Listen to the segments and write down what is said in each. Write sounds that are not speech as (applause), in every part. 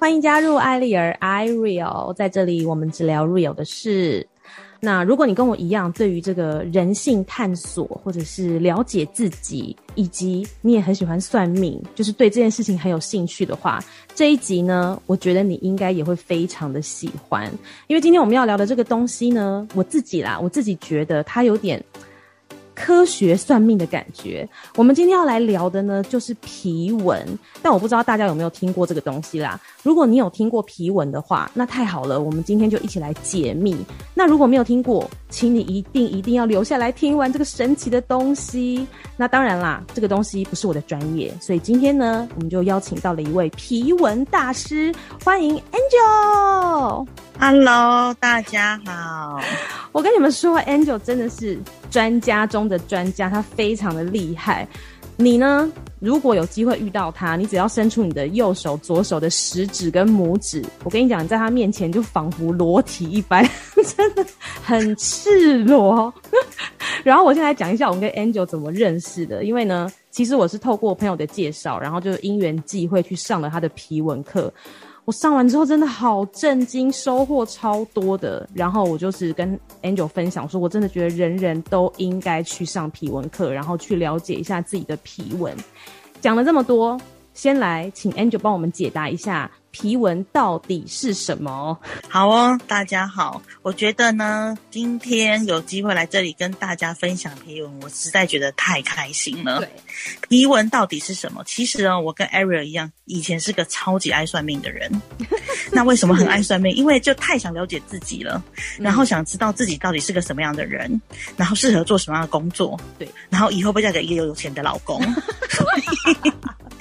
歡迎加入艾莉兒 I real，在這裡我們只聊 real 的事。那如果你跟我一樣，對於這個人性探索，或者是了解自己，以及你也很喜歡算命，就是對這件事情很有興趣的話，這一集呢，我覺得你應該也會非常的喜歡，因為今天我們要聊的這個東西呢，我自己啦，我自己覺得它有點科學算命的感覺。我們今天要來聊的呢，就是皮紋。但我不知道大家有沒有聽過這個東西啦。如果你有聽過皮紋的話，那太好了，我們今天就一起來解密。那如果沒有聽過，請你一定一定要留下來聽完這個神奇的東西。那當然啦，這個東西不是我的專業，所以今天呢，我們就邀請到了一位皮紋大師，歡迎 Angel。哈嘍，大家好！我跟你們說，Angel 真的是專家中的專家，他非常的厲害。你呢？如果有機會遇到他，你只要伸出你的右手、左手的食指跟拇指，我跟你講，你在他面前就仿佛裸體一般，呵呵，真的很赤裸。 (laughs) 然後我先來講一下我們跟 Angel 怎麼認識的，因為呢，其實我是透過朋友的介紹，然後就是因緣際會去上了他的皮紋課。我上完之後真的好震驚，收穫超多的。然後我就是跟 Angel 分享說，我真的覺得人人都應該去上皮紋課，然後去了解一下自己的皮紋。講了這麼多，先來請 Angel 幫我們解答一下。皮紋到底是什麼？好哦，大家好。我覺得呢，今天有機會來這裡跟大家分享皮紋，我實在覺得太開心了。對，皮紋到底是什麼？其實哦，我跟 Ariel 一樣，以前是個超級愛算命的人。 (laughs) 那為什麼很愛算命？因為就太想了解自己了，然後想知道自己到底是個什麼樣的人，然後適合做什麼樣的工作。對，然後以後會嫁給一個又有錢的老公。 (laughs) (laughs)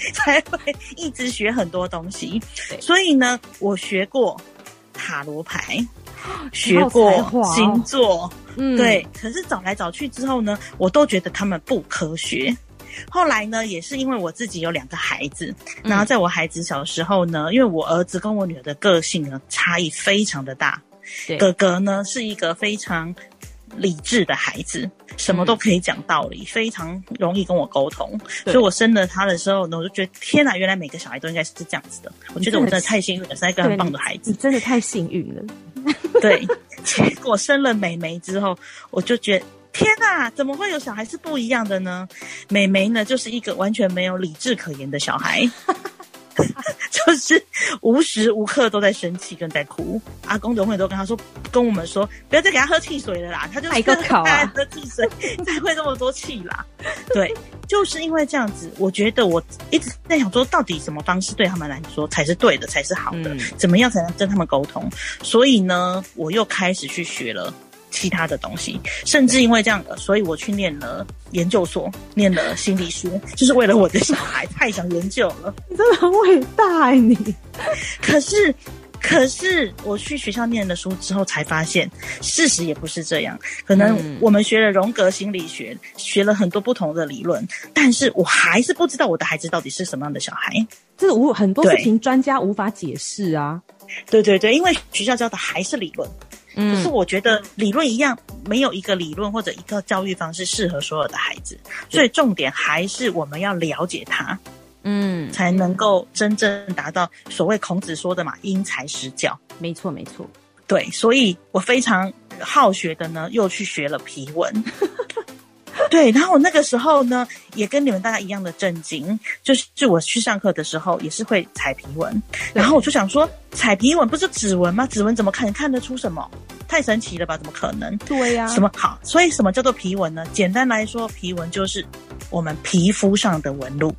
(laughs) 才會一直學很多東西，所以呢，我學過塔羅牌，學過星座，哦、嗯，對。可是找來找去之後呢，我都覺得他們不科學。後來呢，也是因為我自己有兩個孩子，然後在我孩子小時候呢、嗯，因為我兒子跟我女兒的個性呢差異非常的大，哥哥呢是一個非常理智的孩子，什麼都可以講道理、嗯，非常容易跟我溝通，所以我生了他的時候呢，我就覺得天哪、啊，原來每個小孩都應該是這樣子的。我覺得我真的太幸運了，生一個很棒的孩子，你你真的太幸運了。對，結果生了美眉之後，我就覺得 (laughs) 天哪、啊，怎麼會有小孩是不一樣的呢？美眉呢，就是一個完全沒有理智可言的小孩。 (laughs) (laughs) 就是無時無刻都在生氣跟在哭，阿公、長輩都跟他說，跟我們說，不要再給他喝汽水了啦。他就是愛喝汽水，啊，才會這麼多氣啦。對，就是因為這樣子，我覺得我一直在想說，到底什麼方式對他們來說才是對的，才是好的？嗯、怎麼樣才能跟他們溝通？所以呢，我又開始去學了。其他的東西，甚至因為這樣的，所以我去念了研究所，念了心理學，就是為了我的小孩， (laughs) 太想研究了。你真的很偉大欸，你。可是，可是我去學校念了書之後，才發現事實也不是這樣。可能我們學了榮格心理學，學了很多不同的理論，但是我還是不知道我的孩子到底是什麼樣的小孩。就是無很多事情專家無法解釋啊。對，對對對，因為學校教的還是理論。嗯，可、就是我覺得理論一樣，沒有一個理論或者一個教育方式適合所有的孩子，所以重點還是我們要了解他，嗯，才能夠真正達到所謂孔子說的嘛，因材施教。沒錯，沒錯，對，所以我非常好學的呢，又去學了皮紋。 (laughs) (laughs) 對，然後我那個時候呢，也跟你們大家一樣的震驚，就是就我去上課的時候，也是會踩皮紋，然後我就想說，踩皮紋不是指紋嗎？指紋怎麼看？看得出什麼？太神奇了吧？怎麼可能？對呀、啊。什麼好？所以什麼叫做皮紋呢？簡單來說，皮紋就是我們皮膚上的紋路。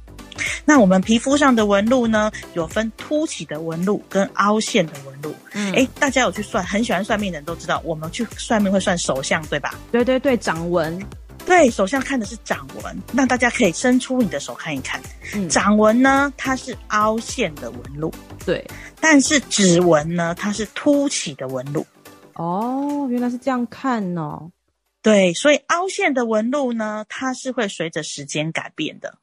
那我們皮膚上的紋路呢，有分凸起的紋路跟凹陷的紋路。嗯。哎，大家有去算，很喜歡算命的人都知道，我們去算命會算手相，對吧？對對對，掌紋。對，首先看的是掌紋，那大家可以伸出你的手看一看。嗯、掌紋呢，它是凹陷的紋路。對，但是指紋呢，它是凸起的紋路。哦，原來是這樣看哦。對，所以凹陷的紋路呢，它是會隨着時間改變的；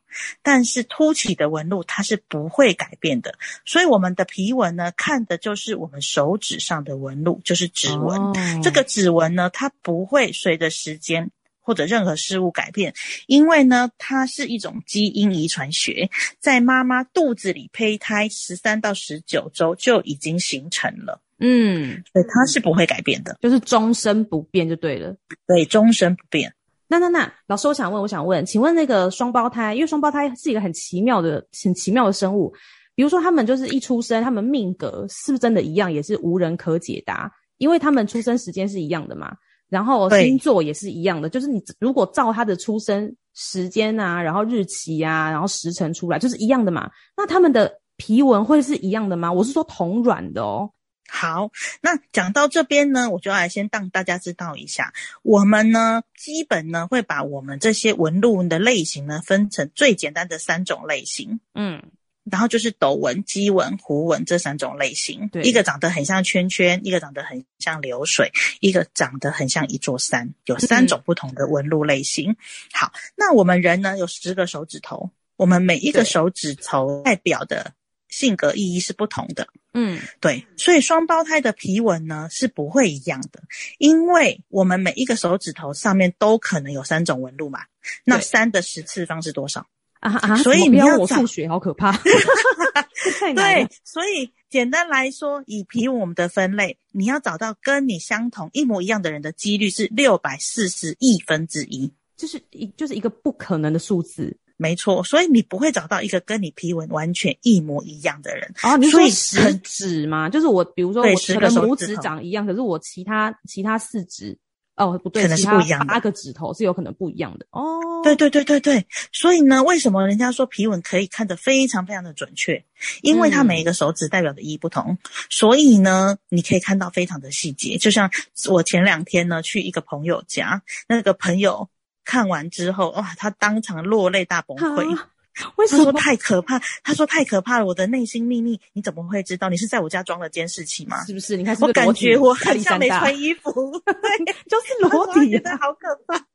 但是凸起的紋路，它是不會改變的。所以我們的皮紋呢，看的就是我們手指上的紋路，就是指紋。哦。這個指紋呢，它不會隨着時間，或者任何事物改變，因為呢，它是一種基因遺傳學，在媽媽肚子裡胚胎十三到十九周就已經形成了。嗯，對，它是不會改變的，就是終身不變就對了。對，終身不變。那那那，老師，我想問，我想問，請問那個雙胞胎，因為雙胞胎是一個很奇妙的、很奇妙的生物，比如說他們就是一出生，他們命格是不是真的一樣，也是無人可解答，因為他們出生時間是一樣的嘛。然後星座也是一樣的，就是你如果照他的出生時間啊，然後日期呀，啊，然後時辰出來，就是一樣的嘛。那他們的皮紋會是一樣的嗎？我是說同卵的哦。好，那講到這邊呢，我就要來先讓大家知道一下，我們呢基本呢會把我們這些紋路紋的類型呢分成最簡單的三種類型。嗯。然後就是斗紋、箕紋、弧紋這三種類型，對，一個長得很像圈圈，一個長得很像流水，一個長得很像一座山，有三種不同的紋路類型。嗯、好，那我們人呢有十個手指頭，我們每一個手指頭代表的性格意義是不同的。嗯，對，所以雙胞胎的皮紋呢是不會一樣的，因為我們每一個手指頭上面都可能有三種紋路嘛。那三的十次方是多少？所以你要我數學好可怕， (laughs) 對，所以簡單來說，以皮紋我們的分類，你要找到跟你相同一模一樣的人的幾率是六百四十億分之一，就是一就是一個不可能的數字，沒錯。所以你不會找到一個跟你皮紋完全一模一樣的人啊。你說，所以食指嘛，就是我，比如說我是跟拇指長一樣，可是我其他其他四指。哦，不對，可能是不一樣的。八個指頭是有可能不一樣的哦。對對對對對，所以呢，為什麼人家說皮紋可以看得非常非常的準確？因為他每一個手指代表的意義不同，嗯，所以呢，你可以看到非常的細節。就像我前兩天呢去一個朋友家，那個朋友看完之後，哇，他當場落淚大崩潰。嗯。為什麼他說太可怕？他說太可怕了，我的內心秘密你怎麼會知道？你是在我家裝了監視器嗎？是不是？你看是不是，我感覺我很像沒穿衣服，裸體啊，就是裸體的，啊，好可怕，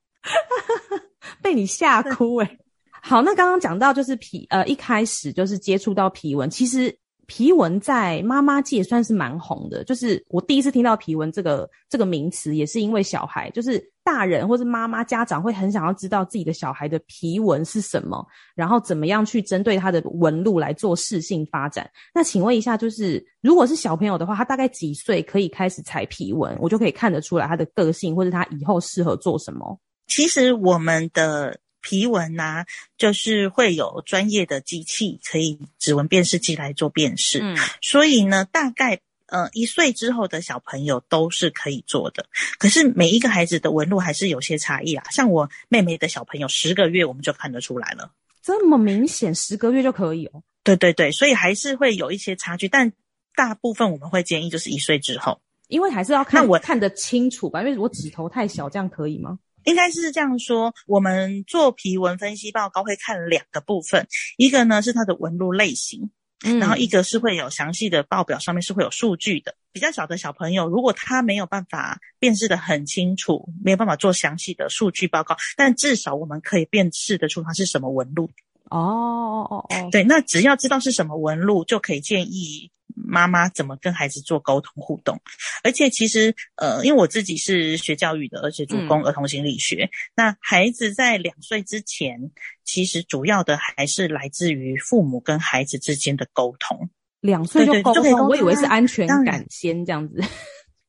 被你嚇哭哎，欸。 (laughs) 好，那剛剛講到就是皮呃一開始就是接觸到皮紋，其實。皮紋在媽媽界算是蠻紅的，就是我第一次聽到皮紋這個這個名詞，也是因為小孩，就是大人或是媽媽家長會很想要知道自己的小孩的皮紋是什麼，然後怎麼樣去針對他的紋路來做適性發展。那請問一下，就是如果是小朋友的話，他大概幾歲可以開始採皮紋，我就可以看得出來他的個性，或是他以後適合做什麼？其實我們的。皮紋啊，就是會有專業的機器，可以指紋辨識機來做辨識、嗯。所以呢，大概呃一歲之後的小朋友都是可以做的。可是每一個孩子的紋路還是有些差異啊。像我妹妹的小朋友，十個月我們就看得出來了，這麼明顯，十個月就可以哦、喔。對對對，所以還是會有一些差距，但大部分我們會建議就是一歲之後，因為還是要看那我看得清楚吧，因為我指頭太小，這樣可以嗎？應該是這樣說，我們做皮紋分析報告會看兩個部分，一個呢是它的紋路類型，嗯，然後一個是會有詳細的報表，上面是會有數據的。比較小的小朋友，如果他沒有辦法辨識得很清楚，沒有辦法做詳細的數據報告，但至少我們可以辨識得出它是什麼紋路。哦哦哦，對，那只要知道是什麼紋路，就可以建議。媽媽怎麼跟孩子做溝通互動？而且其實，呃，因為我自己是學教育的，而且主攻兒童心理學。嗯、那孩子在兩歲之前，其實主要的還是來自於父母跟孩子之間的溝通。兩歲就溝通，對對對，就可以溝通，我以為是安全感先這樣子。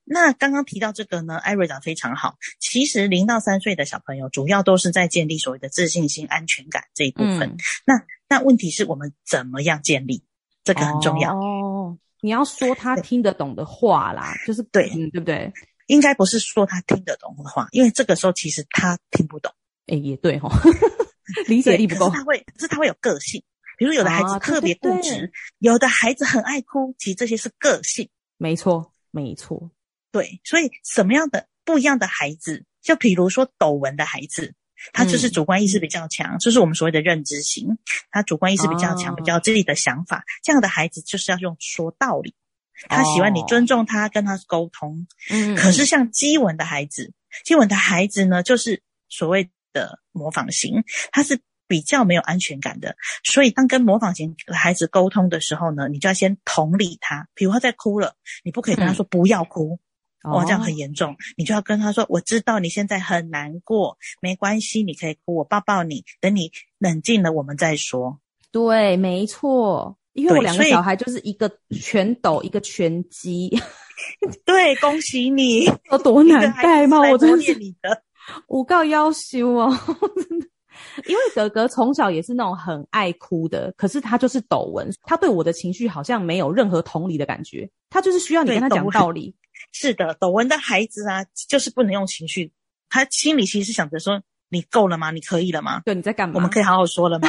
那剛剛提到這個呢，艾瑞達非常好。其實零到三歲的小朋友，主要都是在建立所謂的自信心、安全感這一部分。嗯、那那問題是我們怎麼樣建立？這個很重要。哦你要說他聽得懂的話啦，就是對，對不對？應該不是說他聽得懂的話，因為這個時候其實他聽不懂。誒，也對哈、哦， (laughs) 理解力不夠。他會，可是他會有個性。比如有的孩子特別固執、啊對對對，有的孩子很愛哭，其實這些是個性。沒錯，沒錯。對，所以什麼樣的不一樣的孩子，就比如說鬥紋的孩子。他就是主觀意識比較強，嗯，就是我們所謂的認知型。他主觀意識比較強，哦，比較有自己的想法。這樣的孩子就是要用說道理，他喜歡你尊重他，哦，跟他溝通，嗯。可是像箕紋的孩子，箕紋的孩子呢，就是所謂的模仿型，他是比較沒有安全感的。所以當跟模仿型的孩子溝通的時候呢，你就要先同理他。比如他在哭了，你不可以跟他說不要哭。嗯哦，這樣很嚴重、哦，你就要跟他說，我知道你現在很難過，沒關係，你可以哭我，我抱抱你，等你冷靜了，我們再說。對，沒錯，因為我兩個小孩就是一個全斗、嗯，一個全箕。對，恭喜你，有、哦、多難帶嗎？我真是你的，五告夭壽哦。 (laughs) 真的，因為哥哥從小也是那種很愛哭的，可是他就是斗紋，他對我的情緒好像沒有任何同理的感覺，他就是需要你跟他講道理。是的，斗紋的孩子啊，就是不能用情緒。他心裡其實是想着說：“你夠了嗎？你可以了嗎？對，你在幹嘛？我們可以好好說了嗎？”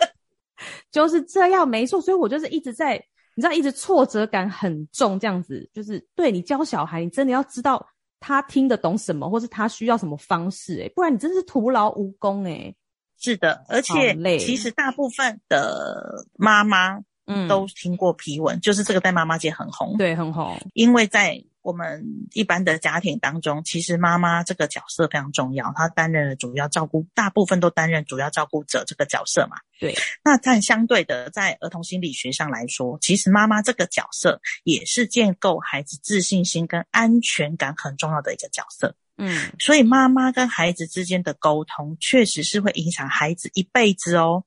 (laughs) (laughs) 就是這樣，沒錯。所以我就是一直在，你知道，一直挫折感很重，這樣子就是對你教小孩，你真的要知道他聽得懂什麼，或是他需要什麼方式、欸，哎，不然你真是徒勞無功、欸，哎。是的，而且累，其實大部分的媽媽。嗯，都聽過皮紋，就是這個在媽媽界很紅，對，很紅。因為在我們一般的家庭當中，其實媽媽這個角色非常重要，她擔任了主要照顧，大部分都擔任主要照顧者這個角色嘛。對。那但相對的，在兒童心理學上來說，其實媽媽這個角色也是建構孩子自信心跟安全感很重要的一個角色。嗯，所以媽媽跟孩子之間的溝通，確實是會影響孩子一輩子哦，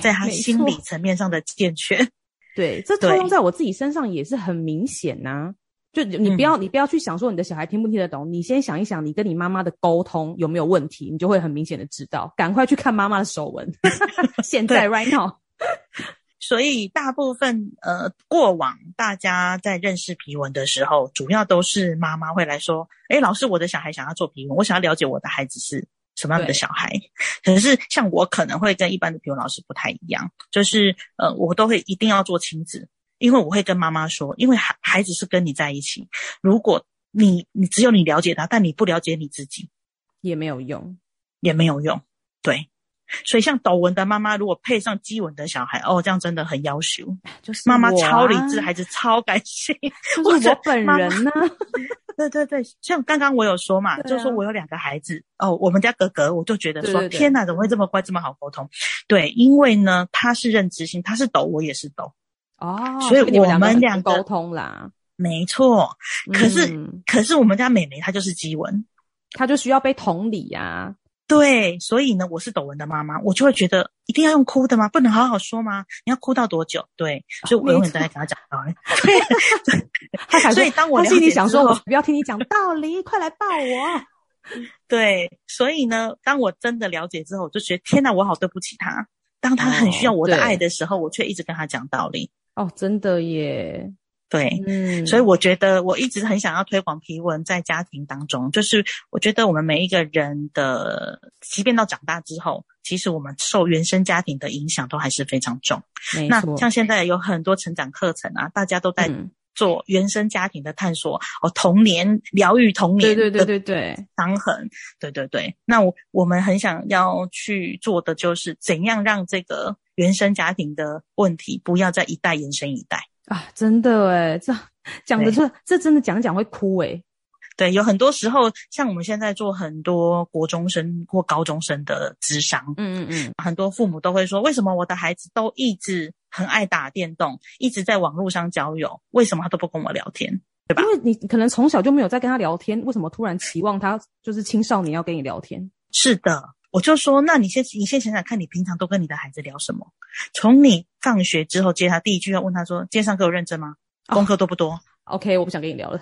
在他心理層面上的健全。對，這套用在我自己身上也是很明顯吶、啊。就你不要、嗯，你不要去想說你的小孩聽不聽得懂，你先想一想你跟你媽媽的溝通有沒有問題，你就會很明顯的知道，趕快去看媽媽的手紋。 (laughs) 現在 right now。 (laughs) 對 (laughs) 所以大部分呃過往大家在認識皮紋的時候，主要都是媽媽會來說：“哎、欸，老師，我的小孩想要做皮紋，我想要了解我的孩子是。”什麼樣的小孩？可是像我，可能會跟一般的評委老師不太一樣，就是呃，我都會一定要做親子，因為我會跟媽媽說，因為孩孩子是跟你在一起，如果你你只有你了解他，但你不了解你自己，也沒有用，也沒有用，對。所以像斗紋的媽媽，如果配上箕紋的小孩，哦，這樣真的很要求，就是媽媽、啊、超理智，孩子超感性，我本人呢。 (laughs) 對對對，像剛剛我有說嘛，啊、就是說我有兩個孩子哦，我們家哥哥，我就覺得說對對對，天哪，怎麼會這麼乖，這麼好溝通？對，因為呢，他是認知型，他是斗，我也是斗。哦，所以我們兩個溝通啦，沒錯。可是、嗯、可是我們家妹妹她就是箕紋，她就需要被同理呀、啊。對，所以呢，我是抖文的媽媽，我就會覺得一定要用哭的嗎？不能好好說嗎？你要哭到多久？對，oh, 所以我永遠都在跟他講道理。 (laughs) 對 (laughs) 所以 (laughs) 他所以當我心裡想說我，我不要聽你講道理， (laughs) 快來抱我。對，所以呢，當我真的了解之後，我就覺得天哪，我好對不起他。當他很需要我的愛的時候，哦，我卻一直跟他講道理。哦，真的耶。對，嗯，所以我覺得我一直很想要推廣皮紋在家庭當中，就是我覺得我們每一個人的，即便到長大之後，其實我們受原生家庭的影響都還是非常重。沒錯。那像現在有很多成長課程啊，大家都在做原生家庭的探索，嗯、哦，童年療癒童年，對對對對對，傷痕，對對對。那我我們很想要去做的就是，怎樣讓這個原生家庭的問題不要再一代延伸一代。啊，真的哎，這講的這這真的講講會哭哎。對，有很多時候，像我們現在做很多國中生或高中生的諮商，嗯嗯嗯，很多父母都會說，為什麼我的孩子都一直很愛打電動，一直在網絡上交友，為什麼他都不跟我聊天，對吧？因為你可能從小就沒有在跟他聊天，為什麼突然期望他就是青少年要跟你聊天？是的。我就說，那你先，你先想想看，你平常都跟你的孩子聊什麼？從你放學之後接他，第一句要問他說：“今天上課有認真嗎？功課多不多？”Oh, OK，我不想跟你聊了。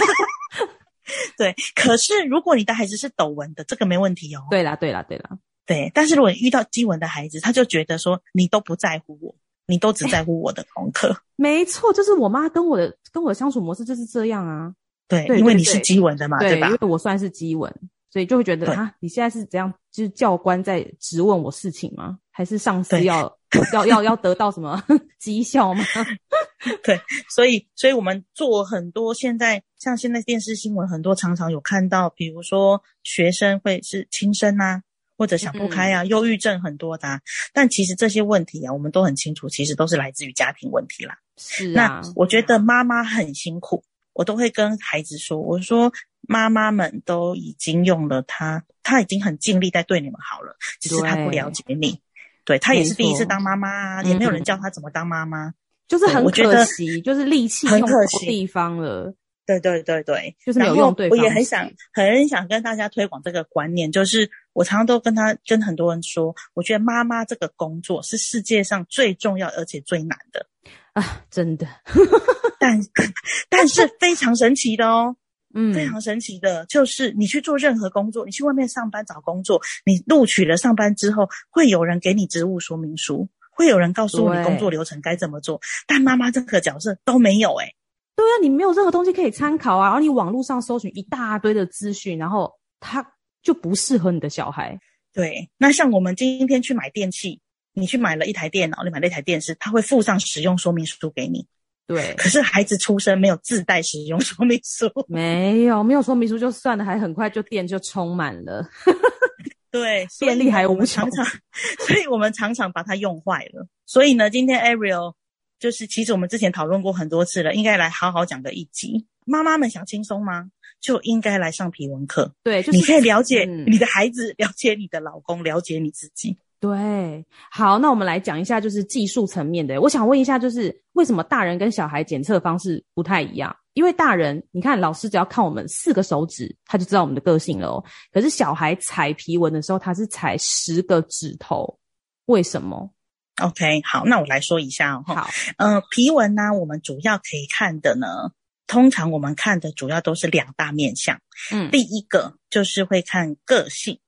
(laughs) (laughs) 對，可是如果你的孩子是斗紋的，這個沒問題哦。對啦，對啦，對啦，對。但是如果你遇到箕紋的孩子，他就覺得說你都不在乎我，你都只在乎我的功課。欸，沒錯，就是我媽跟我的跟我的相處模式就是這樣啊。對，對對對。因為你是箕紋的嘛，對，對吧？對，因為我算是箕紋。所以就會覺得啊，你現在是怎樣？就是教官在質問我事情嗎？還是上司要要要要得到什麼績效 (laughs) (laughs) (laughs) 嗎？ (laughs) 對，所以所以我們做很多，現在像現在電視新聞很多，常常有看到，比如說學生會是輕生啊，或者想不開啊，憂、嗯、鬱、嗯、症很多的、啊。但其實這些問題啊，我們都很清楚，其實都是來自於家庭問題啦。是啊。那我覺得媽媽很辛苦，我都會跟孩子說，我說。媽媽們都已經用了他，他已經很盡力在對你們好了，只是他不了解你。對，他也是第一次當媽媽，沒錯，也沒有人教他怎麼當媽媽。嗯嗯，就是很可惜，就是力氣用錯地方了。對對對對，就是沒有用對方。我也很想，很想跟大家推廣這個觀念，就是我常常都跟他跟很多人說，我覺得媽媽這個工作是世界上最重要而且最難的啊，真的。 (laughs) 但但是非常神奇的哦。嗯，非常神奇的，就是你去做任何工作，你去外面上班找工作，你錄取了上班之後，會有人給你職務說明書，會有人告訴你工作流程該怎麼做。但媽媽這個角色都沒有誒、欸，對啊，你沒有任何東西可以參考啊。然後你網絡上搜尋一大堆的資訊，然後它就不適合你的小孩。對，那像我們今天去買電器，你去買了一台電腦，你買了一台電視，它會附上使用說明書給你。對，可是孩子出生沒有自帶使用說明書，沒有沒有說明書就算了，還很快就電就充滿了， (laughs) 對，電力還無常。所以我們常常， (laughs) 們常，常把它用壞了， (laughs) 了。所以呢，今天 Ariel 就是其實我們之前討論過很多次了，應該來好好講個一集。媽媽們想輕鬆嗎？就應該來上皮紋課，對、就是，你可以了解你的孩子、嗯，了解你的老公，了解你自己。對，好，那我們來講一下，就是技術層面的。我想問一下，就是為什麼大人跟小孩檢測方式不太一樣？因為大人，你看老師只要看我們四個手指，他就知道我們的個性了哦。可是小孩踩皮紋的時候，他是踩十個指頭，為什麼？OK，好，那我來說一下哦。好、Okay. 呃，皮紋呢、啊，我們主要可以看的呢，通常我們看的主要都是兩大面向。嗯，第一個就是會看個性，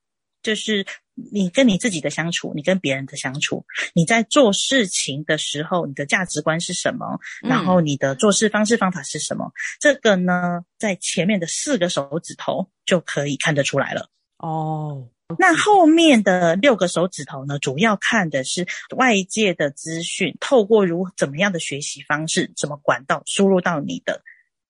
就是。你跟你自己的相處，你跟別人的相處，你在做事情的時候，你的價值觀是什麼？嗯。然後你的做事方式方法是什麼？這個呢，在前面的四個手指頭就可以看得出來了。哦，那後面的六個手指頭呢，主要看的是外界的資訊，透過如怎麼樣的學習方式，什麼管道輸入到你的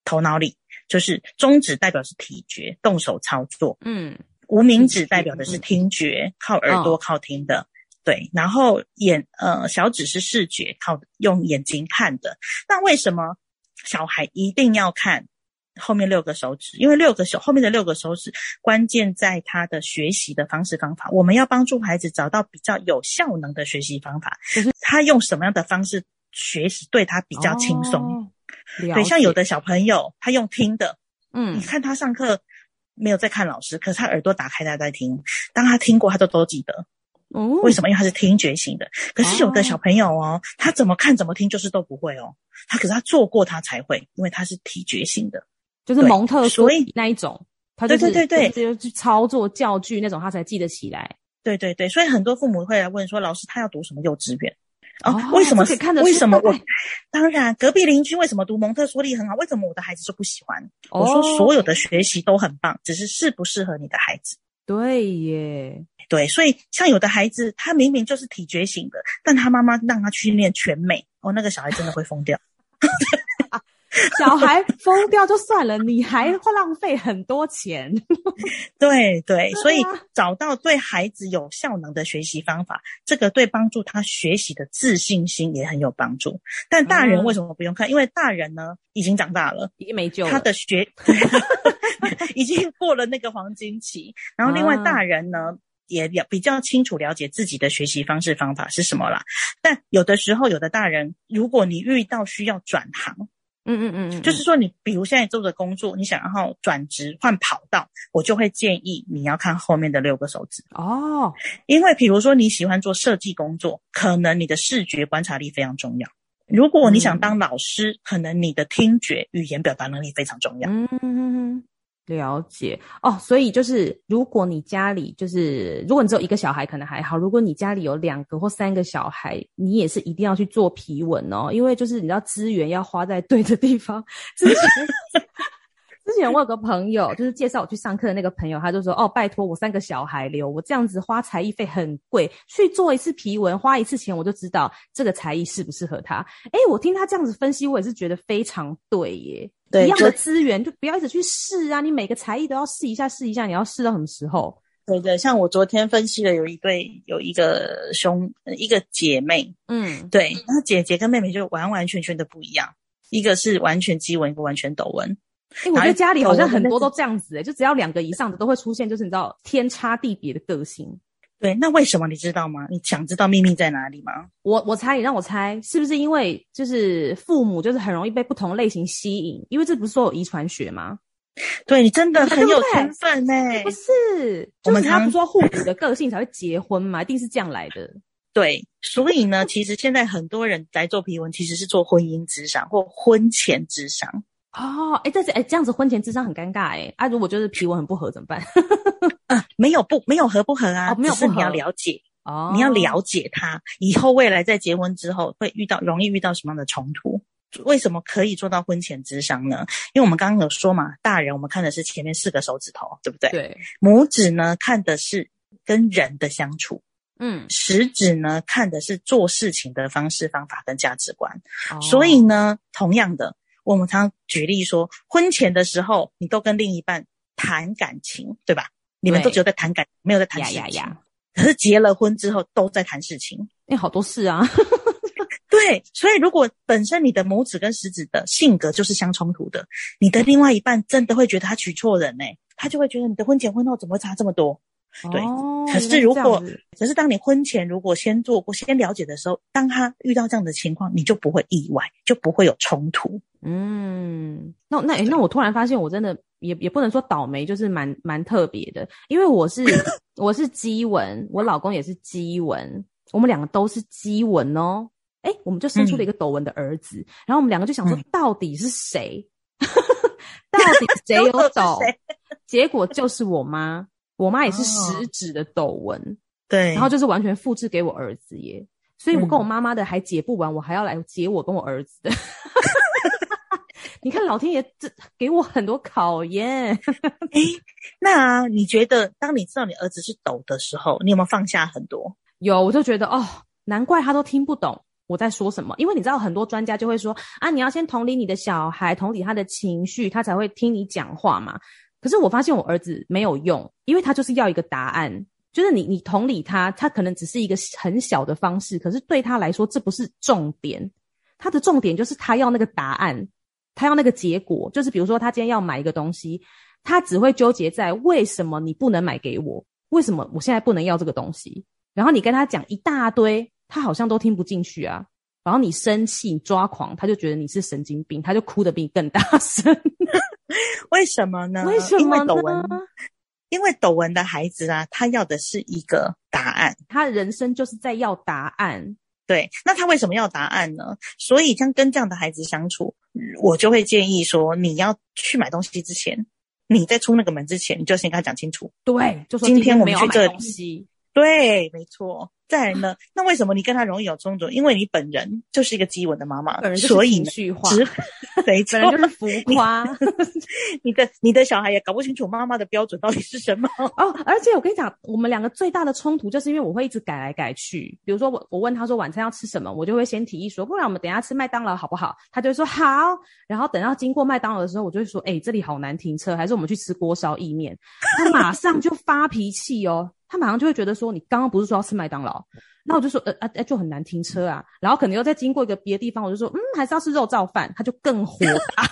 頭腦裡，就是中指代表是體覺，動手操作。嗯。無名指代表的是聽覺，嗯、靠耳朵、哦、靠聽的，對。然後眼，呃，小指是視覺，靠用眼睛看的。那為什麼小孩一定要看後面六個手指？因為六個手後面的六個手指，關鍵在他的學習的方式方法。我們要幫助孩子找到比較有效能的學習方法，就是、他用什麼樣的方式學習對他比較輕鬆、哦。對，像有的小朋友他用聽的，嗯，你看他上課。沒有在看老師，可是他耳朵打開，他在聽。當他聽過，他都都記得。哦、嗯，為什麼？因為他是聽覺型的。可是有的小朋友哦，啊、他怎麼看怎麼聽，就是都不會哦。他可是他做過，他才會，因為他是體覺型的，就是蒙特梭利。所以那一種，對他、就是、對對對只有去操作教具那種，他才記得起來。對對對，所以很多父母會來問說，老師他要讀什麼幼稚園？哦，哦，為什麼是？為什麼我？當然，隔壁鄰居為什麼讀蒙特梭利很好？為什麼我的孩子就不喜歡？哦、我說所有的學習都很棒，只是適不適合你的孩子。對耶，對，所以像有的孩子，他明明就是體覺型的，但他媽媽讓他去練全美，哦，那個小孩真的會瘋掉。 (laughs) (laughs) (laughs) 小孩瘋掉就算了，你還會浪費很多錢。 (laughs) 對對，所以找到對孩子有效能的學習方法，這個對幫助他學習的自信心也很有幫助。但大人為什麼不用看？嗯、因為大人呢已經長大了，已經沒救。他的學 (laughs) (laughs) 已經過了那個黃金期。然後另外大人呢、嗯、也比較清楚了解自己的學習方式方法是什麼啦。但有的時候，有的大人，如果你遇到需要轉行，嗯嗯嗯，就是說，你比如現在做的工作，嗯、你想然後轉職換跑道，我就會建議你要看後面的六個手指哦。因為譬如說你喜歡做設計工作，可能你的視覺觀察力非常重要；如果你想當老師，嗯、可能你的聽覺、語言表達能力非常重要。嗯嗯嗯。了解哦，所以就是如果你家裡就是如果你只有一個小孩可能還好，如果你家裡有兩個或三個小孩，你也是一定要去做皮紋哦，因為就是你知道資源要花在對的地方。是不是？ (laughs) (laughs) 之前我有個朋友，就是介紹我去上課的那個朋友，他就說：“哦，拜託我三個小孩留我這樣子花才藝費很貴，去做一次皮紋花一次錢，我就知道這個才藝適不適合他。”哎，我聽他這樣子分析，我也是覺得非常對耶。對。一樣的資源，就不要一直去試啊！你每個才藝都要試一下，試一下，你要試到什麼時候？對對，像我昨天分析了有一對、有一個兄、呃、一個姐妹，嗯，對，然後姐姐跟妹妹就完完全全的不一樣，一個是完全箕紋，一個完全斗紋。哎、欸，我覺得家裡好像很多都這樣子、欸，哎，就只要兩個以上的都會出現，就是你知道天差地別的個性。對，那為什麼你知道嗎？你想知道秘密在哪裡嗎？我我猜，你讓我猜，是不是因為就是父母就是很容易被不同類型吸引？因為這不是說有遺傳學嗎？對，你真的很有天分呢、欸啊。不是，我們、就是、他不是說父母的個性才會結婚嘛？一定是這樣來的。對，所以呢， (laughs) 其實現在很多人來做皮紋，其實是做婚姻諮商或婚前諮商。哦、oh,，誒，但是誒，這樣子婚前諮商很尷尬誒。啊，如果就是皮紋很不合怎麼辦？嗯、 (laughs) 啊，沒有不沒有合不合啊，oh, 沒有不是你要了解哦，oh. 你要了解他以後未來在結婚之後會遇到容易遇到什麼樣的衝突？為什麼可以做到婚前諮商呢？因為我們剛剛有說嘛，大人我們看的是前面四個手指頭，對不對？對，拇指呢看的是跟人的相處，嗯，食指呢看的是做事情的方式方法跟價值觀，oh. 所以呢，同樣的。我們常常舉例說，婚前的時候你都跟另一半談感情，對吧？對，你們都只有在談感，沒有在談事情呀呀呀。可是結了婚之後都在談事情，因為好多事啊。 (laughs) (laughs) 對，所以如果本身你的拇指跟食指的性格就是相衝突的，你的另外一半真的會覺得他娶錯人呢，欸，他就會覺得你的婚前婚後怎麼會差這麼多？對、哦，可是如果，可是當你婚前如果先做過、先了解的時候，當他遇到這樣的情況，你就不會意外，就不會有衝突。嗯，那那、欸、那我突然發現，我真的也也不能說倒霉，就是蠻蠻特別的，因為我是 (laughs) 我是箕紋，我老公也是箕紋，我們兩個都是箕紋哦。誒、欸，我們就生出了一個斗紋的兒子，嗯、然後我們兩個就想說，到底是誰？嗯、 (laughs) 到底誰有斗？ (laughs) 結果就是我媽。我媽也是食指的抖紋、哦，對，然後就是完全複製給我兒子耶，所以我跟我媽媽的還解不完，嗯、我還要來解我跟我兒子的。 (laughs) (laughs) (laughs) 你看老天爺這給我很多考驗。哎、 (laughs) 欸，那、啊、你覺得，當你知道你兒子是抖的時候，你有沒有放下很多？有，我就覺得哦，難怪他都聽不懂我在說什麼，因為你知道很多專家就會說啊，你要先同理你的小孩，同理他的情緒，他才會聽你講話嘛。可是我發現我兒子沒有用，因為他就是要一個答案。就是你，你同理他，他可能只是一個很小的方式，可是對他來說這不是重點。他的重點就是他要那個答案，他要那個結果。就是比如說他今天要買一個東西，他只會糾結在為什麼你不能買給我，為什麼我現在不能要這個東西。然後你跟他講一大堆，他好像都聽不進去啊。然後你生氣、你抓狂，他就覺得你是神經病，他就哭得比你更大聲。 (laughs) 為什麼呢？為什麼呢？因為斗紋，因為斗紋的孩子啊，他要的是一個答案，他人生就是在要答案。對，那他為什麼要答案呢？所以，像跟這樣的孩子相處，我就會建議說，你要去買東西之前，你在出那個門之前，你就先跟他講清楚。對，就說今天我們去買東西。對，沒錯。再來呢，那為什麼你跟他容易有衝突？因為你本人就是一個激吻的媽媽，所以所以 (laughs) 本人就是浮誇。 (laughs) 你的你的小孩也搞不清楚媽媽的標準到底是什麼哦。而且我跟你講，我們兩個最大的衝突就是因為我會一直改來改去。比如說我我問他說晚餐要吃什麼，我就會先提議說，不然我們等一下吃麥當勞好不好？他就會說好。然後等到經過麥當勞的時候，我就會說，哎、欸，這裡好難停車，還是我們去吃鍋燒意麵？他馬上就發脾氣哦。 (laughs) 他馬上就會覺得說，你剛剛不是說要吃麥當勞？那我就說呃呃，呃，就很難停車啊。然後可能又再經過一個別的地方，我就說，嗯，還是要吃肉燥飯。他就更火大，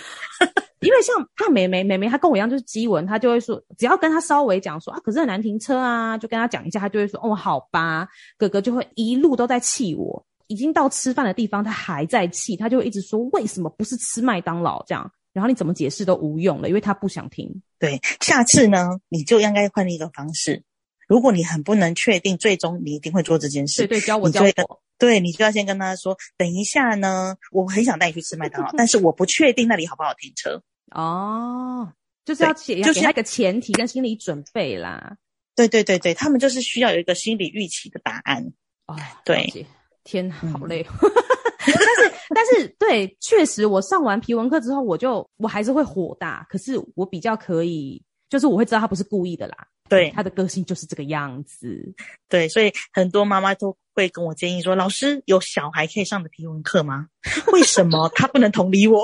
(laughs) 因為像他妹妹妹妹，她跟我一樣就是箕紋，她就會說，只要跟他稍微講說啊，可是很難停車啊，就跟他講一下，他就會說，哦，好吧。哥哥就會一路都在氣我，已經到吃飯的地方，他還在氣，他就會一直說為什麼不是吃麥當勞這樣？然後你怎麼解釋都無用了，因為他不想聽。對，下次呢，你就應該換另一個方式。如果你很不能確定，最終你一定會做這件事。對對，教我教我。對，你就要先跟他說，等一下呢，我很想帶你去吃麥當勞， (laughs) 但是我不確定那裡好不好停車。哦，就是要給就是一個前提跟心理準備啦，就是。對對對對，他們就是需要有一個心理預期的答案。哦、對，天，好累。嗯 (laughs) 但是 (laughs) 但是，對，確實，我上完皮紋課之後，我就我還是會火大。可是，我比較可以，就是我會知道他不是故意的啦。對，他的個性就是這個樣子。對，所以很多媽媽都會跟我建議說：“老師，有小孩可以上的皮紋課嗎？為什麼 (laughs) 他不能同理我？”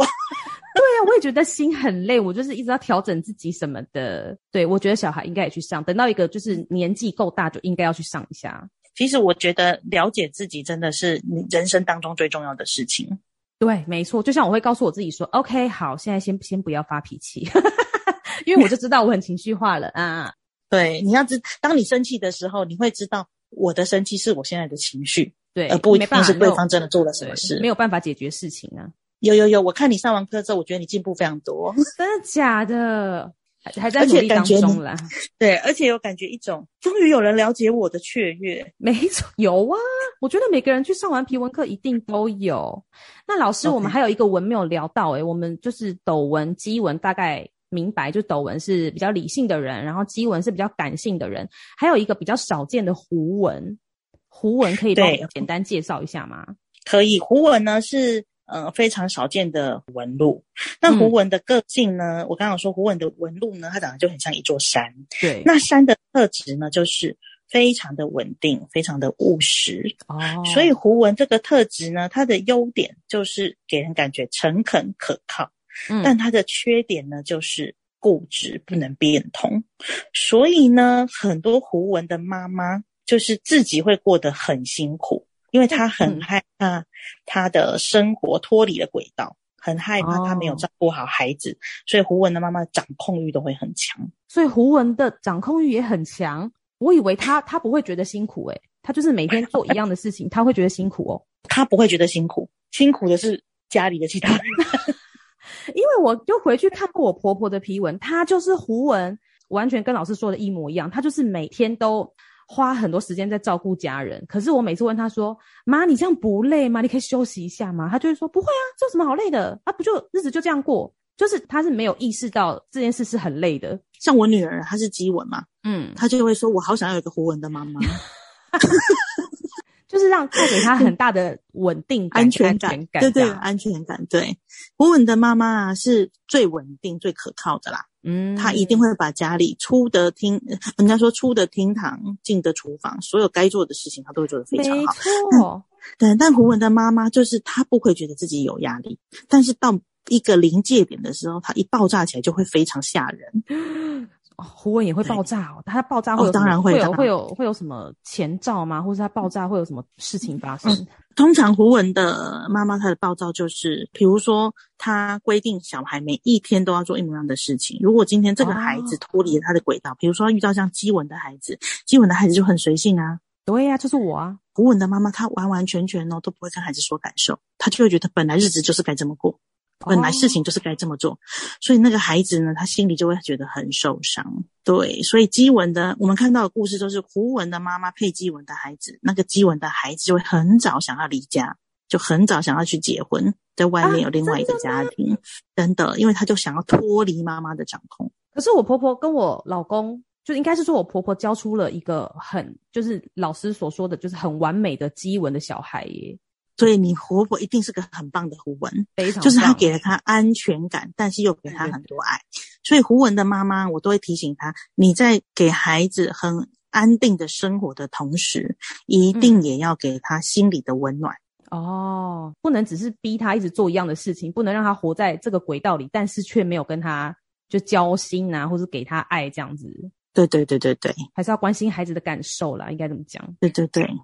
對呀，我也覺得心很累，我就是一直要調整自己什麼的。對，我覺得小孩應該也去上，等到一個就是年紀夠大，就應該要去上一下。其實我覺得了解自己真的是你人生當中最重要的事情。對，沒錯。就像我會告訴我自己說，OK，好，現在先先不要發脾氣， (laughs) 因為我就知道我很情緒化了 (laughs) 啊。對，你要知，當你生氣的時候，你會知道我的生氣是我現在的情緒，對，而不一定是對方真的做了什麼事。沒辦法,沒有,沒有辦法解決事情啊。有有有，我看你上完課之後，我覺得你進步非常多。真的假的？還在努力當中啦，對，而且有感覺一種終於有人了解我的雀躍，沒錯，有啊，我覺得每個人去上完皮紋課一定都有。那老師，我們還有一個紋沒有聊到。欸，誒、okay. 我們就是斗紋、箕紋，大概明白，就斗紋是比較理性的人，然後箕紋是比較感性的人，還有一個比較少見的弧紋，弧紋可以幫我簡單介紹一下嗎？可以，弧紋呢是。嗯、呃，非常少見的紋路。那弧紋的個性呢？嗯、我剛剛說弧紋的紋路呢，它長得就很像一座山。對，那山的特質呢，就是非常的穩定，非常的務實。哦，所以弧紋這個特質呢，它的優點就是給人感覺誠懇可靠。嗯，但它的缺點呢，就是固執，不能變通。所以呢，很多弧紋的媽媽就是自己會過得很辛苦。因為他很害怕他的生活脫離了軌道，嗯，很害怕他沒有照顧好孩子，哦，所以弧紋的媽媽掌控欲都會很強。所以弧紋的掌控欲也很強。我以為他他不會覺得辛苦，欸，誒他就是每天做一樣的事情， (laughs) 他會覺得辛苦哦。他不會覺得辛苦，辛苦的是家裡的其他人。 (laughs) 因為我就回去看過我婆婆的皮紋，她就是弧紋完全跟老師說的一模一樣，她就是每天都花很多時間在照顧家人，可是我每次問他說：“媽，你這樣不累嗎？你可以休息一下嗎？”他就會說：“不會啊，這有什麼好累的？啊，不就日子就這樣過，就是他是沒有意識到這件事是很累的。像我女兒，她是箕紋嘛，嗯，她就會說：我好想要有個弧紋的媽媽， (laughs) (laughs) 就是讓帶給她很大的穩定感 (laughs) 安全感，全感對，對對，安全感，對弧紋的媽媽是最穩定、最可靠的啦。”嗯，他一定會把家裡出得廳，人家說出得廳堂，進得廚房，所有該做的事情他都會做得非常好。哦，對。但胡文的媽媽就是她不會覺得自己有壓力，但是到一個臨界點的時候，她一爆炸起來就會非常嚇人。 (laughs) 哦、胡文也會爆炸哦，他爆炸會、哦、當然會，會有，會有會有什麼前兆嗎？或者他爆炸會有什麼事情發生？嗯嗯、通常胡文的媽媽她的暴躁就是，比如說他規定小孩每一天都要做一模一樣的事情，如果今天這個孩子脫離了他的軌道，比、哦、如說他遇到像基文的孩子，基文的孩子就很隨性啊，對呀、啊，就是我啊。胡文的媽媽她完完全全哦都不會跟孩子說感受，她就會覺得本來日子就是該這麼過。本來事情就是該這麼做，所以那個孩子呢，他心裡就會覺得很受傷。對，所以基文的，我們看到的故事就是胡文的媽媽配基文的孩子，那個基文的孩子就會很早想要離家，就很早想要去結婚，在外面有另外一個家庭，啊，等等，因為他就想要脫離媽媽的掌控。可是我婆婆跟我老公，就應該是說，我婆婆教出了一個很，就是老師所說的，就是很完美的基文的小孩耶。所以你活潑一定是個很棒的胡文，就是他給了他安全感，嗯、但是又給他很多愛。對對對所以胡文的媽媽，我都會提醒他：你在給孩子很安定的生活的同時，一定也要給他心裡的溫暖、嗯。哦，不能只是逼他一直做一樣的事情，不能讓他活在這個軌道裡，但是卻沒有跟他就交心啊，或是給他愛這樣子。對對對對對,對，還是要關心孩子的感受啦。應該怎麼講？對對對,對。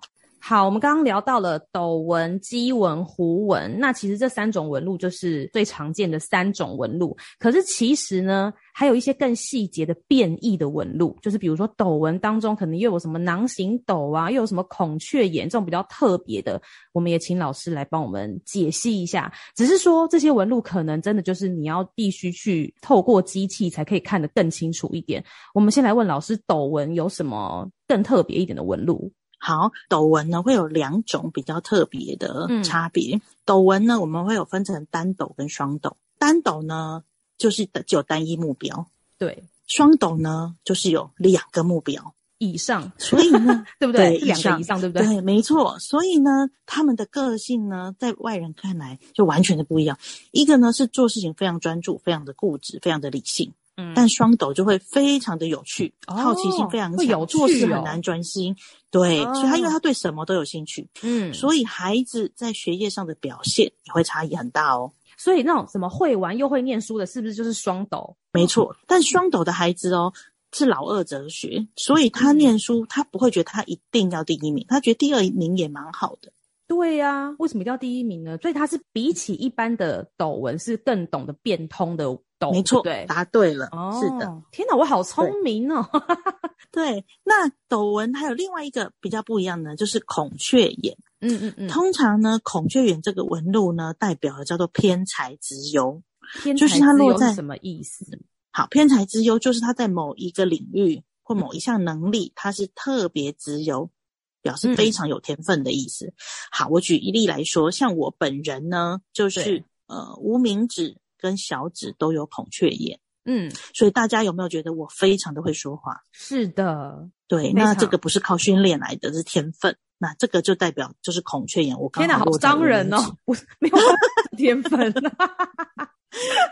好，我們剛剛聊到了斗紋、箕紋、弧紋，那其實這三種紋路就是最常見的三種紋路。可是其實呢，還有一些更細節的變異的紋路，就是比如說斗紋當中可能又有什麼囊形斗啊，又有什麼孔雀眼這種比較特別的，我們也請老師來幫我們解析一下。只是說這些紋路可能真的就是你要必須去透過機器才可以看得更清楚一點。我們先來問老師，斗紋有什麼更特別一點的紋路？好，斗紋呢會有兩種比較特別的差別、嗯。斗紋呢，我們會有分成單斗跟雙斗。單斗呢，就是只有單一目標；對，雙斗呢，就是有兩個目標以上。 (laughs) 所以呢，對不對？對，兩個以上，對不對？對，沒錯。所以呢，他們的個性呢，在外人看來就完全的不一樣。一個呢是做事情非常專注，非常的固執，非常的理性。嗯，但雙斗就會非常的有趣，嗯、好奇心非常強，做、哦、事、哦、很難專心。對、哦，所以他因為他對什麼都有興趣，嗯，所以孩子在學業上的表現也會差異很大哦。所以那種什麼會玩又會念書的，是不是就是雙斗？哦、沒錯，但雙斗的孩子哦，是老二哲學，所以他念書、嗯、他不會覺得他一定要第一名，他覺得第二名也蠻好的。對呀、啊，為什麼叫第一名呢？所以他是比起一般的斗紋是更懂得變通的。是是沒錯，答對了、哦。是的，天哪，我好聰明哦！對，那斗紋還有另外一個比較不一樣的，就是孔雀眼。嗯嗯嗯，通常呢，孔雀眼這個紋路呢，代表了叫做偏財之優，就是它落在什麼意思？好，偏財之優就是它在某一個領域或某一項能力、嗯，它是特別之優，表示非常有天分的意思、嗯。好，我舉一例來說，像我本人呢，就是呃，無名指，跟小指都有孔雀眼，嗯，所以大家有沒有覺得我非常的會說話？是的，對，那這個不是靠訓練來的，是天分。那這個就代表就是孔雀眼。我，我天哪，好傷人哦！我沒有天分，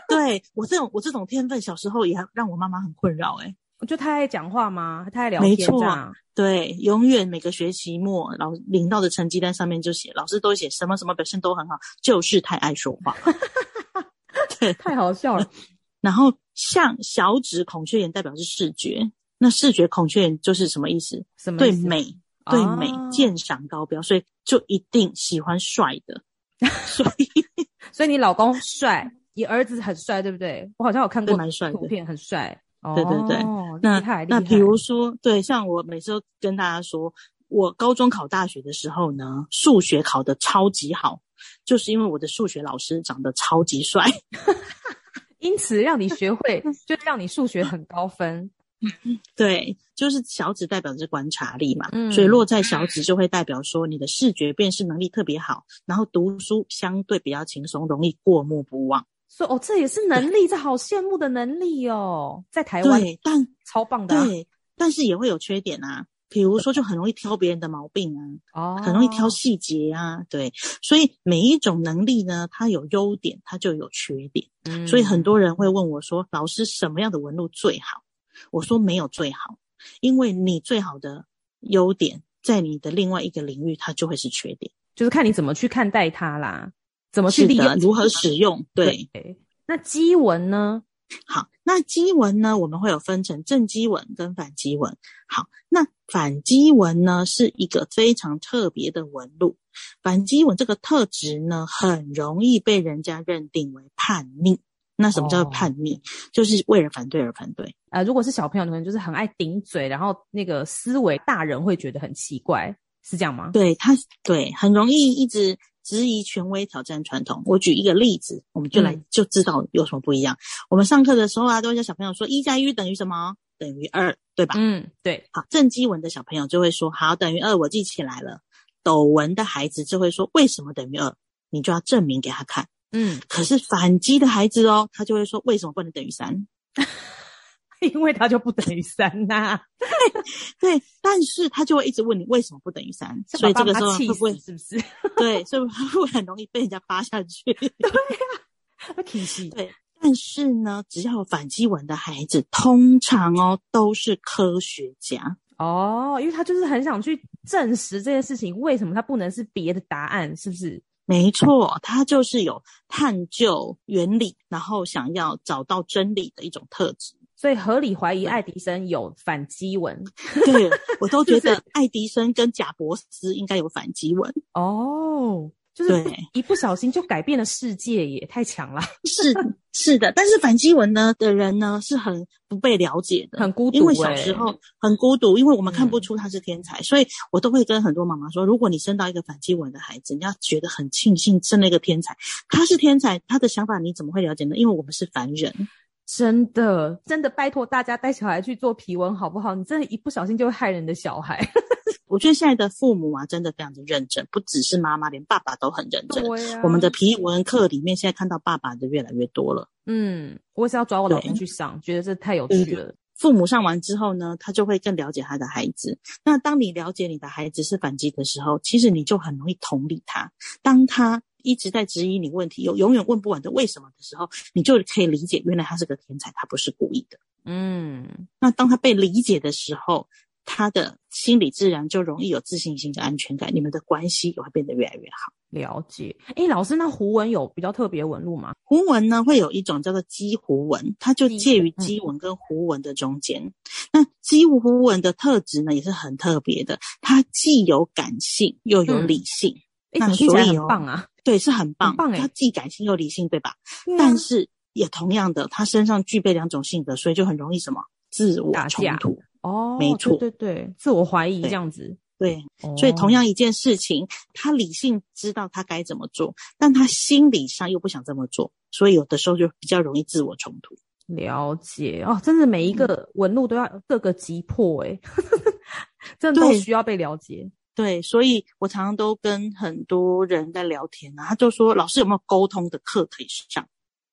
對我這種我這種天分，小時候也讓我媽媽很困擾。哎，就太愛講話嗎？太愛聊天嗎？沒錯，對，永遠每個學期末，老領到的成績單上面就寫，老師都寫什麼什麼表現都很好，就是太愛說話。 (laughs) 太好笑了。 (laughs) 然後，像小指孔雀眼代表是視覺，那視覺孔雀眼就是什麼，什麼意思？對美，對美鑑賞高標、啊，所以就一定喜歡帥的。 (laughs) 所以， (laughs) (laughs) 所以你老公帥，你兒子很帥，對不對？我好像有看過蠻帥的圖片，很帥。對對對，哦、那厲害厲害，那比如說，對，像我每次都跟大家說，我高中考大學的時候呢，數學考得超級好。就是因為我的數學老師長得超級帥， (laughs) 因此讓你學會， (laughs) 就讓你數學很高分。對，就是小指代表着觀察力嘛、嗯，所以落在小指就會代表說你的視覺辨識能力特別好，然後讀書相對比較輕鬆，容易過目不忘。說哦，這也是能力，這好羨慕的能力哦，在台灣，對，但超棒的、啊，對，但是也會有缺點啊。比如說，就很容易挑別人的毛病啊，哦、oh.，很容易挑細節啊，對。所以每一種能力呢，它有優點，它就有缺點。Mm. 所以很多人會問我說：“老師，什麼樣的紋路最好？”我說：“沒有最好，因為你最好的優點，在你的另外一個領域，它就會是缺點。就是看你怎麼去看待它啦，怎麼去利用，如何使用。對。Okay. 那箕紋呢？”好，那箕紋呢？我們會有分成正箕紋跟反箕紋。好，那反箕紋呢，是一個非常特別的紋路。反箕紋這個特質呢，很容易被人家認定為叛逆。那什麼叫叛逆？Oh. 就是為了反對而反對。呃，如果是小朋友可能就是很愛頂嘴，然後那個思維大人會覺得很奇怪，是這樣嗎？對，他對，很容易一直。質疑權威，挑戰傳統。我舉一個例子，我們就來、嗯、就知道有什麼不一樣。我們上課的時候啊，都教小朋友說一加一等於什麼？等於二，對吧？嗯，對。好，正箕紋的小朋友就會說，好，等於二，我記起來了。斗紋的孩子就會說，為什麼等於二？你就要證明給他看。嗯，可是反箕的孩子哦，他就會說，為什麼不能等於三？因為他就不等於三吶，對，但是他就會一直問你為什麼不等於三，所以這個時候他會不會是不是？ (laughs) 對，所以他會很容易被人家扒下去。對呀、啊，他挑釁。對，但是呢，只要有反擊紋的孩子，通常哦都是科學家哦，因為他就是很想去證實這件事情，為什麼他不能是別的答案？是不是？沒錯，他就是有探究原理，然後想要找到真理的一種特質。所以合理懷疑愛迪生有反箕紋，對我都覺得愛迪生跟賈伯斯應該有反箕紋哦， (laughs) 是是 oh, 就是不對一不小心就改變了世界也太強了。 (laughs) 是是的，但是反箕紋呢的人呢是很不被了解的，很孤獨、欸，因為小時候很孤獨，因為我們看不出他是天才，嗯、所以我都會跟很多媽媽說，如果你生到一個反箕紋的孩子，你要覺得很慶幸生那個天才，他是天才，他的想法你怎麼會了解呢？因為我們是凡人。真的，真的拜託大家帶小孩去做皮紋好不好？你真的，一不小心就會害人的小孩。 (laughs) 我覺得現在的父母啊，真的非常的認真，不只是媽媽，連爸爸都很認真。對啊。我們的皮紋課裡面，現在看到爸爸的越來越多了。嗯，我也是要找我老公去上，覺得這太有趣了。嗯父母上完之後呢，他就會更了解他的孩子。那當你了解你的孩子是反擊的時候，其實你就很容易同理他。當他一直在質疑你問題，有永遠問不完的為什麼的時候，你就可以理解，原來他是個天才，他不是故意的。嗯，那當他被理解的時候。他的心理自然就容易有自信心跟安全感，你們的關係也會變得越來越好。了解，哎，老師，那弧紋有比較特別紋路嗎？弧紋呢，會有一種叫做箕弧紋，它就介於箕紋跟弧紋的中間、嗯。那箕弧紋的特質呢、嗯，也是很特別的，它既有感性又有理性，嗯、那所以、哦嗯、很棒啊！對，是很棒，很棒、欸、它既感性又理性，對吧？嗯啊、但是也同樣的，他身上具備兩種性格，所以就很容易什麼自我衝突。哦，沒錯，對對，對對，自我懷疑這樣子，對，對、哦，所以同樣一件事情，他理性知道他該怎麼做，但他心理上又不想這麼做，所以有的時候就比較容易自我衝突。了解哦，真的每一個紋路都要各個擊破、欸，呵真的都需要被了解對。對，所以我常常都跟很多人在聊天啊，他就說，老師有沒有溝通的課可以上？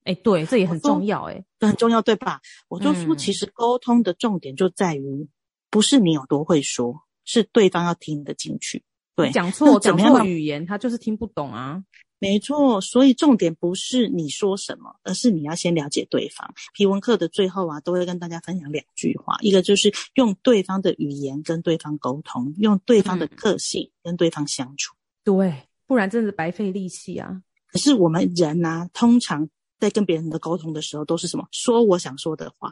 哎、欸，對，這也很重要，欸，哎，很重要，對吧？嗯、我就說，其實溝通的重點就在於，不是你有多會說，是對方要聽得進去。對，講錯，講錯語言，他就是聽不懂啊。沒錯，所以重點不是你說什麼，而是你要先了解對方。皮紋課的最後啊，都會跟大家分享兩句話，一個就是用對方的語言跟對方溝通，用對方的個性跟對方相處。嗯、對，不然真的是白費力氣啊。可是我們人啊，通常在跟別人的溝通的時候，都是什麼？說我想說的話；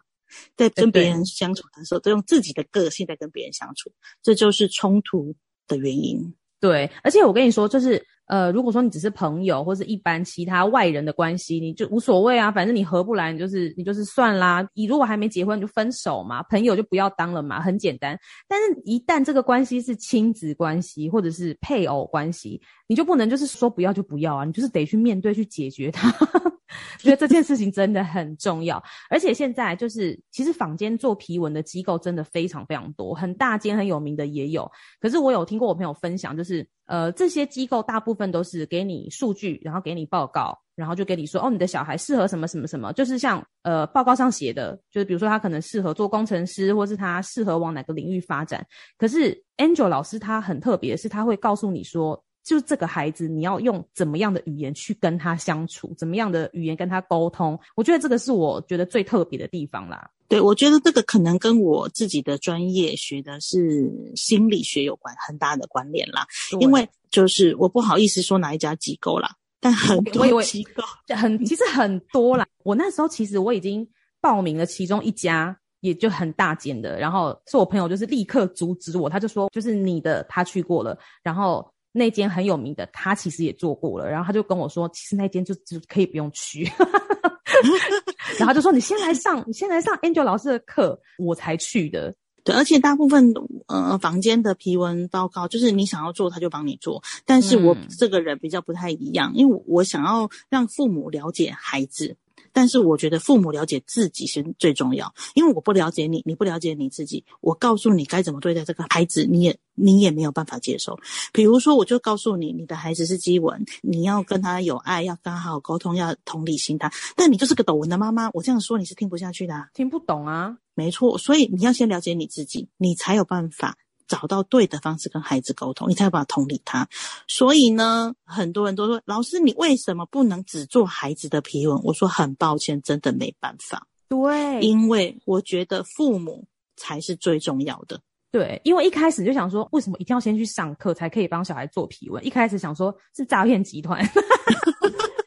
在跟別人相處的時候，都用自己的個性在跟別人相處，這就是衝突的原因。對，而且我跟你說，就是呃，如果說你只是朋友或者一般其他外人的關係，你就無所謂啊，反正你合不來，你就是你就是算啦。你如果還沒結婚，你就分手嘛，朋友就不要當了嘛，很簡單。但是一旦這個關係是親子關係或者是配偶關係，你就不能就是說不要就不要啊，你就是得去面對去解決它。 (laughs) (laughs) 覺得這件事情真的很重要，而且現在就是其實坊間做皮紋的機構真的非常非常多，很大間很有名的也有。可是我有聽過我朋友分享，就是呃這些機構大部分都是給你數據，然後給你報告，然後就給你說哦你的小孩適合什麼什麼什麼，就是像呃報告上寫的，就是比如說他可能適合做工程師，或是他適合往哪個領域發展。可是 Angel 老師他很特別的是他會告訴你說。就是這個孩子，你要用怎麼樣的語言去跟他相處，怎麼樣的語言跟他溝通？我覺得這個是我覺得最特別的地方啦。對，我覺得這個可能跟我自己的專業學的是心理學有關，很大的關聯啦。因為就是我不好意思說哪一家機構啦，但很多機構，我以為機構很，其實很多啦。 (laughs) 我那時候其實我已經報名了其中一家，也就很大間的，然後是我朋友就是立刻阻止我，他就說就是你的，他去過了，然後。那間很有名的，他其實也做過了，然後他就跟我說，其實那間就就可以不用去，哈哈哈，然後他就說你先來上，你先來上 Angel 老師的課，我才去的。對，而且大部分呃坊間的皮紋報告，就是你想要做，他就幫你做。但是我這個人比較不太一樣，嗯、因為我想要讓父母了解孩子。但是我覺得父母了解自己是最重要，因為我不了解你，你不了解你自己，我告訴你該怎麼對待這個孩子，你也你也沒有辦法接受。比如說，我就告訴你，你的孩子是箕紋，你要跟他有愛，要跟他好好溝通，要同理心他。但你就是個斗紋的媽媽，我這樣說你是聽不下去的，聽不懂啊，沒錯。所以你要先了解你自己，你才有辦法。找到對的方式跟孩子溝通，你才有辦法同理他。所以呢，很多人都說：“老師，你為什麼不能只做孩子的皮紋？”我說：“很抱歉，真的沒辦法。”對，因為我覺得父母才是最重要的。對，因為一開始就想說，為什麼一定要先去上課才可以幫小孩做皮紋？一開始想說，是詐騙集團。 (laughs) (laughs)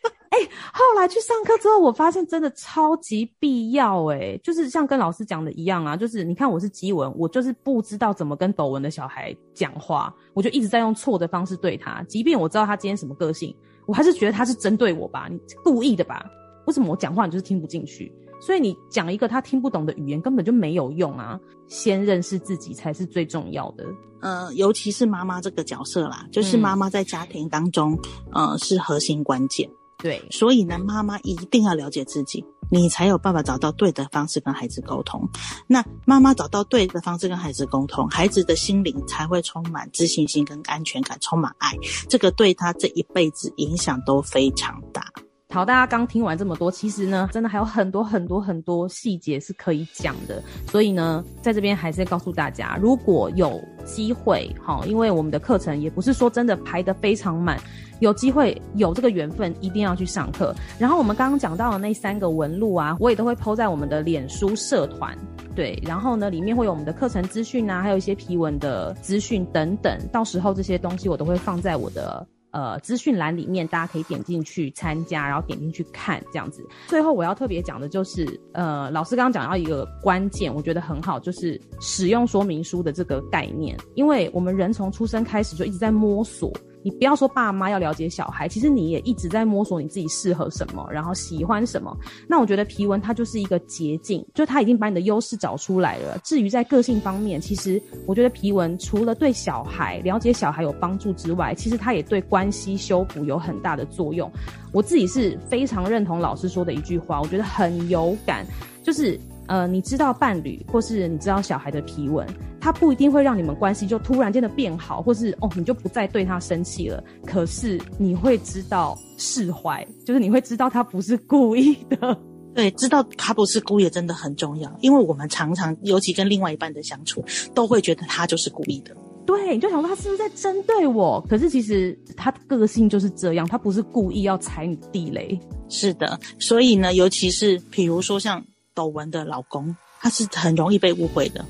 後來去上課之後，我發現真的超級必要誒、欸，就是像跟老師講的一樣啊，就是你看我是箕紋，我就是不知道怎麼跟斗紋的小孩講話，我就一直在用錯的方式對他。即便我知道他今天什麼個性，我還是覺得他是針對我吧，你故意的吧？為什麼我講話你就是聽不進去？所以你講一個他聽不懂的語言根本就沒有用啊！先認識自己才是最重要的。嗯、呃，尤其是媽媽這個角色啦，就是媽媽在家庭當中，呃，是核心關鍵。對，所以呢，媽媽一定要了解自己，嗯、你才有辦法找到對的方式跟孩子溝通。那媽媽找到對的方式跟孩子溝通，孩子的心靈才會充滿自信心跟安全感，充滿愛，這個對他這一輩子影響都非常大。好，大家剛聽完這麼多，其實呢，真的還有很多很多很多細節是可以講的。所以呢，在這邊還是要告訴大家，如果有機會，哈，因為我們的課程也不是說真的排得非常滿。有機會有這個緣分，一定要去上課。然後我們剛剛講到的那三個紋路啊，我也都會 po 在我們的臉書社團，對。然後呢，裡面會有我們的課程資訊啊，還有一些皮紋的資訊等等。到時候這些東西我都會放在我的呃資訊欄裡面，大家可以點進去參加，然後點進去看這樣子。最後我要特別講的就是，呃，老師剛剛講到一個關鍵，我覺得很好，就是使用說明書的這個概念，因為我們人從出生開始就一直在摸索。你不要說爸媽要了解小孩，其實你也一直在摸索你自己適合什麼，然後喜歡什麼。那我覺得皮紋它就是一個捷徑，就它已經把你的優勢找出來了。至於在個性方面，其實我覺得皮紋除了對小孩了解小孩有幫助之外，其實它也對關係修補有很大的作用。我自己是非常認同老師說的一句話，我覺得很有感，就是呃，你知道伴侶或是你知道小孩的皮紋。他不一定會讓你們關係就突然間的變好，或是哦你就不再對他生氣了。可是你會知道釋懷，就是你會知道他不是故意的。對，知道他不是故意真的很重要，因為我們常常尤其跟另外一半的相處，都會覺得他就是故意的。對，你就想說他是不是在針對我？可是其實他的個性就是這樣，他不是故意要踩你地雷。是的，所以呢，尤其是比如說像斗紋的老公，他是很容易被誤會的。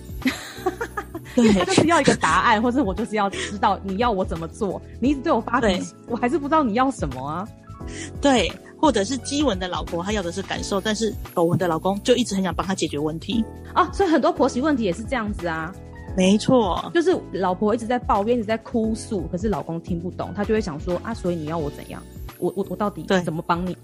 (laughs) 對，他就是要一個答案， (laughs) 或者我就是要知道你要我怎麼做。你一直對我發脾氣，我還是不知道你要什麼啊。對，或者是箕紋的老婆，她要的是感受，但是斗紋的老公就一直很想幫她解決問題啊。所以很多婆媳問題也是這樣子啊。沒錯，就是老婆一直在抱怨，一直在哭訴，可是老公聽不懂，他就會想說啊，所以你要我怎樣？我我我到底怎麼幫你？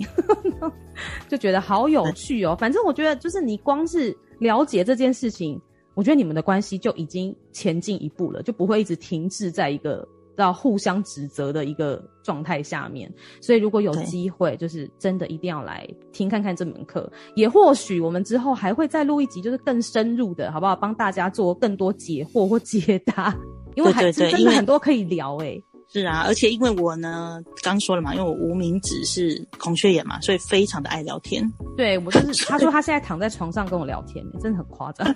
(laughs) 就覺得好有趣哦。嗯、反正我覺得，就是你光是了解這件事情。我覺得你們的關係就已經前進一步了，就不會一直停滯在一個要互相指責的一個狀態下面。所以，如果有機會，就是真的一定要來聽看看這門課。也或許我們之後還會再錄一集，就是更深入的，好不好？幫大家做更多解惑或解答，因為還真的很多可以聊哎、欸，是啊，而且因為我呢，剛說了嘛，因為我無名指是孔雀眼嘛，所以非常的愛聊天。對，我就是他說他現在躺在床上跟我聊天、欸，真的很誇張。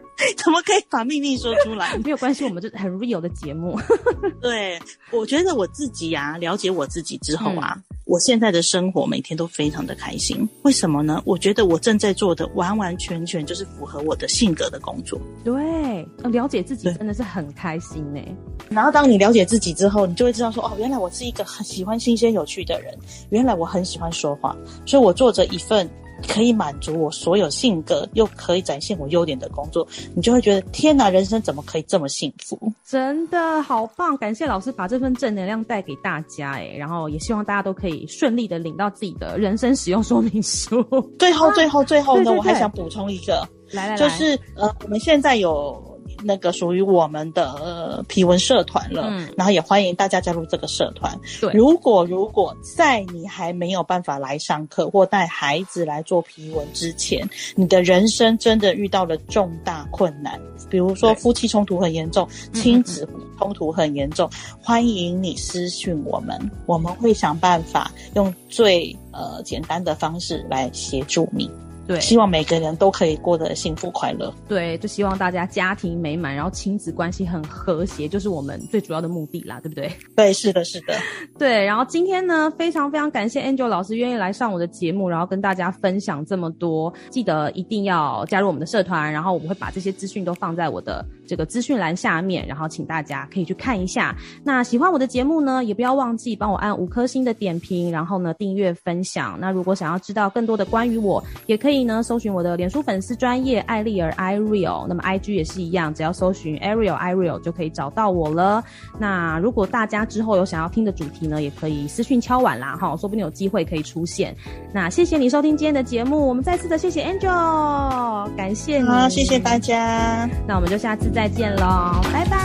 (laughs) (laughs) 怎麼可以把秘密說出來？ (laughs) 沒有關係，我們這很 real 的節目。 (laughs) 對，我覺得我自己呀、啊，了解我自己之後啊、嗯，我現在的生活每天都非常的開心。為什麼呢？我覺得我正在做的完完全全就是符合我的性格的工作。對，了解自己真的是很開心欸。然後當你了解自己之後，你就會知道說，哦，原來我是一個很喜歡新鮮有趣的人，原來我很喜歡說話，所以我做着一份。可以滿足我所有性格，又可以展現我優點的工作，你就會覺得天吶，人生怎麼可以這麼幸福？真的好棒！感謝老師把這份正能量帶給大家，哎，然後也希望大家都可以順利的領到自己的人生使用說明書。最後，最後，啊，最後呢，呢，我還想補充一個，來來，就是呃，我們現在有。那個屬於我們的，呃，皮紋社團了，嗯，然後也歡迎大家加入這個社團。對，如果如果在你還沒有辦法來上課或帶孩子來做皮紋之前，你的人生真的遇到了重大困難，比如說夫妻衝突很嚴重、親子衝突很嚴重，嗯嗯嗯，歡迎你私訊我們，我們會想辦法用最呃簡單的方式來協助你。對，希望每個人都可以過得幸福快樂。對，就希望大家家庭美滿，然後親子關係很和諧，就是我們最主要的目的啦，對不對？對，是的，是的。 (laughs) 對，然後今天呢，非常非常感謝 Angel 老師願意來上我的節目，然後跟大家分享這麼多。記得一定要加入我們的社團，然後我們會把這些資訊都放在我的這個資訊欄下面，然後請大家可以去看一下。那喜歡我的節目呢，也不要忘記幫我按五顆星的點評，然後呢訂閱分享。那如果想要知道更多的關於我，也可以。可以呢，搜尋我的臉書粉絲專頁艾莉兒 Ireal 那麼 I G 也是一樣，只要搜尋 Ariel Ireal 就可以找到我了。那如果大家之後有想要聽的主題呢，也可以私訊敲碗啦，哈，說不定有機會可以出現。那謝謝你收聽今天的節目，我們再次的謝謝 Angel，感謝你，好、啊，謝謝大家，那我們就下次再見嘍，拜拜，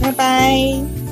拜拜。